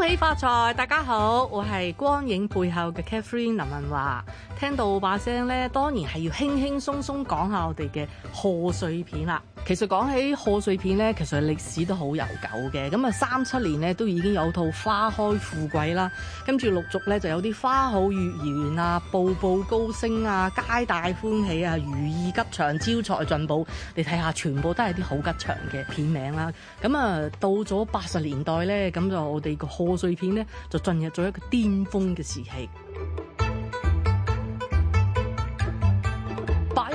恭喜發財！大家好，我係光影背後嘅 Catherine 林雲華。聽到把聲呢，當然係要輕輕鬆鬆講下我哋嘅賀歲片啦。其實講起賀歲片呢，其實歷史都好悠久嘅。咁啊，三七年呢，都已經有套《花開富貴》啦，跟住陸續呢，就有啲《花好月圓》啊、《步步高升》啊、《皆大歡喜》啊、《如意吉祥》、《招財進寶》。你睇下，全部都係啲好吉祥嘅片名啦。咁啊，到咗八十年代呢，咁就我哋個賀歲片呢，就進入咗一個巔峰嘅時期。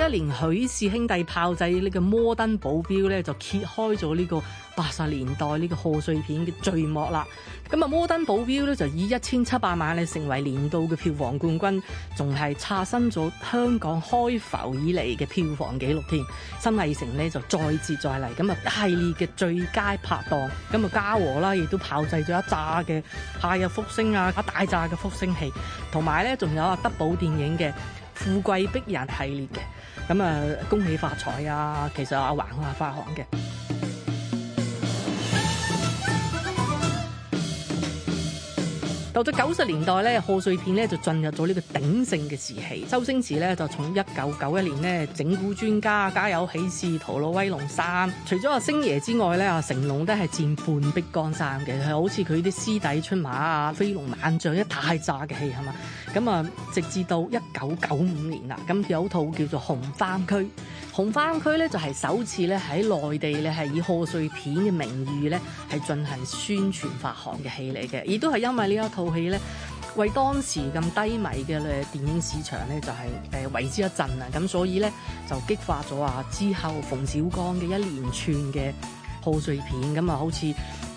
一連許氏兄弟炮製呢個《摩登保鏢》咧，就揭開咗呢個八十年代呢個賀歲片嘅序幕啦。咁啊，《摩登保鏢》咧，就以一千七百萬咧，成為年度嘅票房冠軍，仲係刷新咗香港開埠以嚟嘅票房紀錄添。新藝城咧，就再接再厲，咁啊一系列嘅最佳拍檔，咁啊嘉禾啦，亦都炮製咗一炸嘅夏日福星啊，一大炸嘅福星戲，同埋咧仲有啊德寶電影嘅。富貴逼人系列嘅，咁啊恭喜發財啊！其實有阿橫啊發行嘅。到咗九十年代咧，賀歲片咧就進入咗呢個鼎盛嘅時期。周星馳咧就從一九九一年呢整蠱專家、家有喜事、陀螺威龍三，除咗阿星爺之外咧，阿成龍都係佔半壁江山嘅，係好似佢啲師弟出馬啊，飛龍猛將一大扎嘅戲係嘛。咁啊，直至到一九九五年啦，咁有套叫做《紅番區》，《紅番區》咧就係首次咧喺內地咧係以賀歲片嘅名譽咧係進行宣傳發行嘅戲嚟嘅，亦都係因為呢一套。套戲咧，為當時咁低迷嘅誒電影市場咧，就係誒為之一振啊。咁所以咧就激發咗啊之後馮小剛嘅一連串嘅賀歲片。咁啊，好似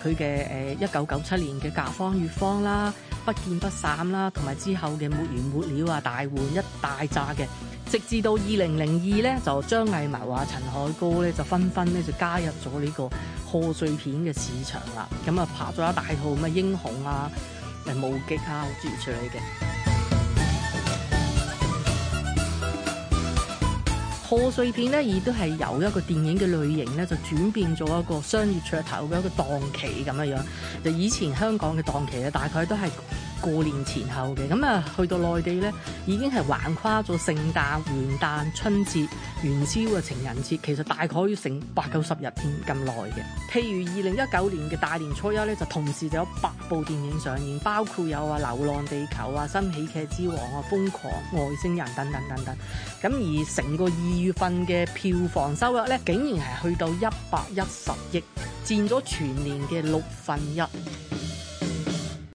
佢嘅誒一九九七年嘅甲方乙方啦，不見不散啦，同埋之後嘅沒完沒了啊，大換一大扎嘅，直至到二零零二咧，就張藝謀啊、陳凱歌咧就紛紛咧就加入咗呢個賀歲片嘅市場啦。咁啊，拍咗一大套咩英雄啊。係冇激啊，接出嚟嘅賀歲片咧，亦都係由一個電影嘅類型咧，就轉變做一個商業噱頭嘅一個檔期咁樣樣。就以前香港嘅檔期咧，大概都係，過年前後嘅咁啊，去到內地呢，已經係橫跨咗聖誕、元旦、春節、元宵啊、情人節，其實大概成八九十日添咁耐嘅。譬如二零一九年嘅大年初一呢，就同時就有八部電影上映，包括有啊《流浪地球》啊《新喜劇之王》啊《瘋狂外星人》等等等等。咁而成個二月份嘅票房收入呢，竟然係去到一百一十億，佔咗全年嘅六分一。